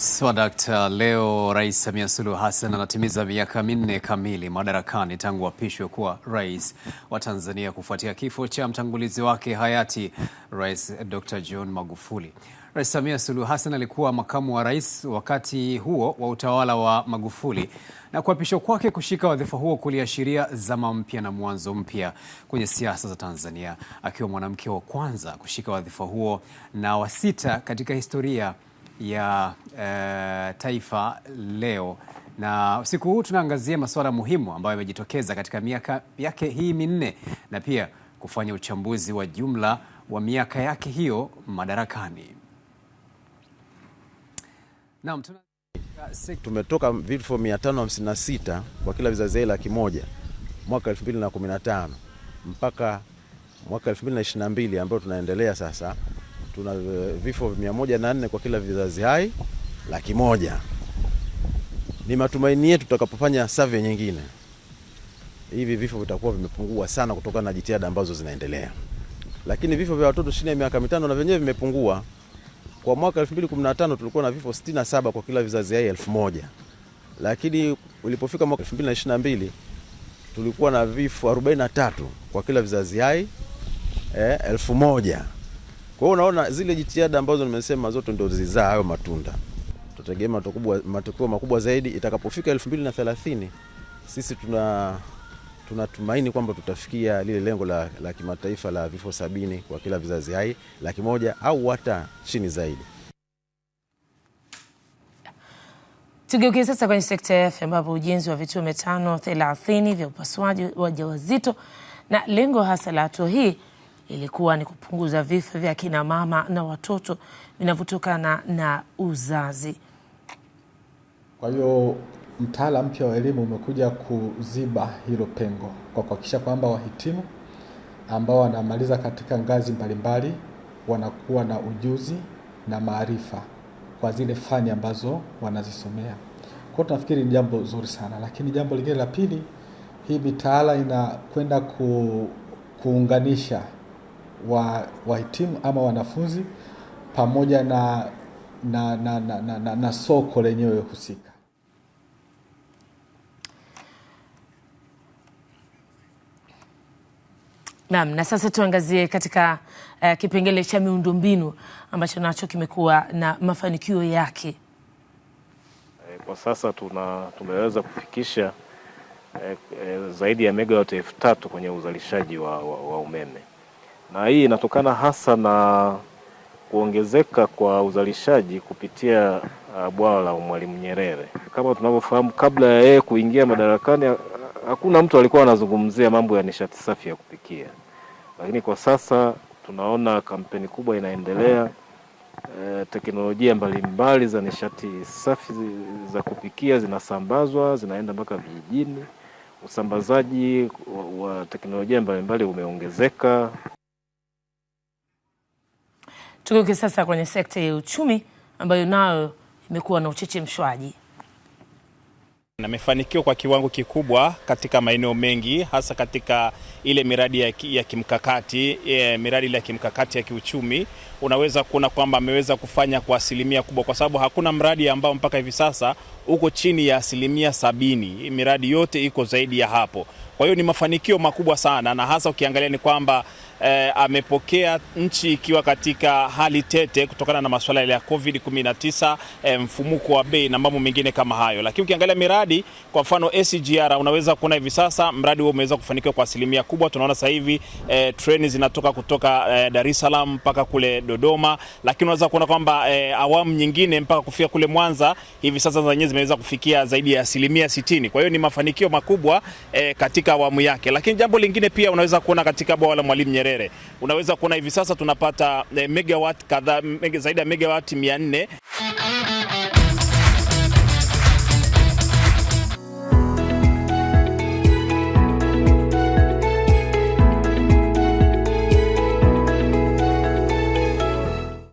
Swadakta, leo Rais Samia Suluhu Hassan anatimiza miaka minne kamili madarakani tangu apishwe kuwa rais wa Tanzania kufuatia kifo cha mtangulizi wake hayati Rais Dr. John Magufuli. Rais Samia Suluhu Hassan alikuwa makamu wa rais wakati huo wa utawala wa Magufuli, na kuapishwa kwake kushika wadhifa huo kuliashiria zama mpya na mwanzo mpya kwenye siasa za Tanzania, akiwa mwanamke wa kwanza kushika wadhifa huo na wa sita katika historia ya uh, Taifa Leo, na usiku huu tunaangazia masuala muhimu ambayo yamejitokeza katika miaka yake hii minne na pia kufanya uchambuzi wa jumla wa miaka yake hiyo madarakani. Naam, tumetoka vifo 556 kwa kila vizazi laki moja mwaka 215 mpaka mwaka 222 ambayo tunaendelea sasa tuna vifo mia moja na nne kwa kila vizazi hai laki moja. Ni matumaini yetu tutakapofanya survey nyingine hivi vifo vitakuwa vimepungua sana kutokana na jitihada ambazo zinaendelea. Lakini vifo vya watoto chini ya miaka mitano na vyenyewe vimepungua. Kwa mwaka 2015 tulikuwa na vifo 67 kwa kila vizazi hai elfu moja lakini ulipofika mwaka 2022 tulikuwa na vifo 43 kwa kila vizazi hai eh, elfu moja. Kwa hiyo unaona zile jitihada ambazo nimesema zote ndio zizaa hayo matunda. Tutategemea matokeo makubwa zaidi itakapofika 2030. Sisi tuna tunatumaini kwamba tutafikia lile lengo la, la kimataifa la vifo sabini kwa kila vizazi hai laki moja au hata chini zaidi. Tugeukie sasa kwenye sekta ya afya ambapo ujenzi wa vituo mitano thelathini vya upasuaji wa wajawazito na lengo hasa la hatua hii ilikuwa ni kupunguza vifo vya kina mama na watoto vinavyotokana na uzazi. Kwa hiyo mtaala mpya wa elimu umekuja kuziba hilo pengo kwa kuhakikisha kwamba wahitimu ambao wanamaliza katika ngazi mbalimbali wanakuwa na ujuzi na maarifa kwa zile fani ambazo wanazisomea. Kwa tunafikiri ni jambo zuri sana, lakini jambo lingine la pili, hii mitaala inakwenda ku, kuunganisha wahitimu wa ama wanafunzi pamoja na, na, na, na, na, na, na soko lenyewe husika. Naam, na sasa tuangazie katika uh, kipengele cha miundombinu ambacho nacho kimekuwa na mafanikio yake. Eh, kwa sasa tuna tumeweza kufikisha eh, eh, zaidi ya megawati elfu tatu kwenye uzalishaji wa, wa, wa umeme na hii inatokana hasa na kuongezeka kwa uzalishaji kupitia uh, bwawa la Mwalimu Nyerere. Kama tunavyofahamu, kabla ya yeye kuingia madarakani, hakuna mtu alikuwa anazungumzia mambo ya nishati safi ya kupikia, lakini kwa sasa tunaona kampeni kubwa inaendelea e, teknolojia mbalimbali mbali za nishati safi za kupikia zinasambazwa, zinaenda mpaka vijijini. Usambazaji wa, wa teknolojia mbalimbali umeongezeka. Tugeuke sasa kwenye sekta ya uchumi ambayo nayo imekuwa na uchechemshwaji namefanikiwa kwa kiwango kikubwa katika maeneo mengi hasa katika ile miradi ya, ya kimkakati yeah, miradi ya kimkakati ya kiuchumi unaweza kuona kwamba ameweza kufanya kwa asilimia kubwa, kwa sababu hakuna mradi ambao mpaka hivi sasa uko chini ya asilimia sabini. Miradi yote iko zaidi ya hapo, kwa hiyo ni mafanikio makubwa sana, na hasa ukiangalia ni kwamba eh, amepokea nchi ikiwa katika hali tete kutokana na masuala ya Covid 19, eh, mfumuko wa bei na mambo mengine kama hayo. Lakini ukiangalia miradi kwa mfano SGR unaweza kuona hivi sasa mradi huo umeweza kufanikiwa kwa asilimia kubwa. Tunaona sasa hivi eh, treni zinatoka kutoka eh, Dar es Salaam mpaka kule Dodoma, lakini unaweza kuona kwamba eh, awamu nyingine mpaka kufika kule Mwanza hivi sasa zenyewe zimeweza kufikia zaidi ya asilimia sitini. Kwa hiyo ni mafanikio makubwa eh, katika awamu yake. Lakini jambo lingine pia unaweza kuona katika bwawa la Mwalimu Nyerere Nyerere. Unaweza kuona hivi sasa tunapata eh, megawatt kadhaa zaidi ya megawatt 400.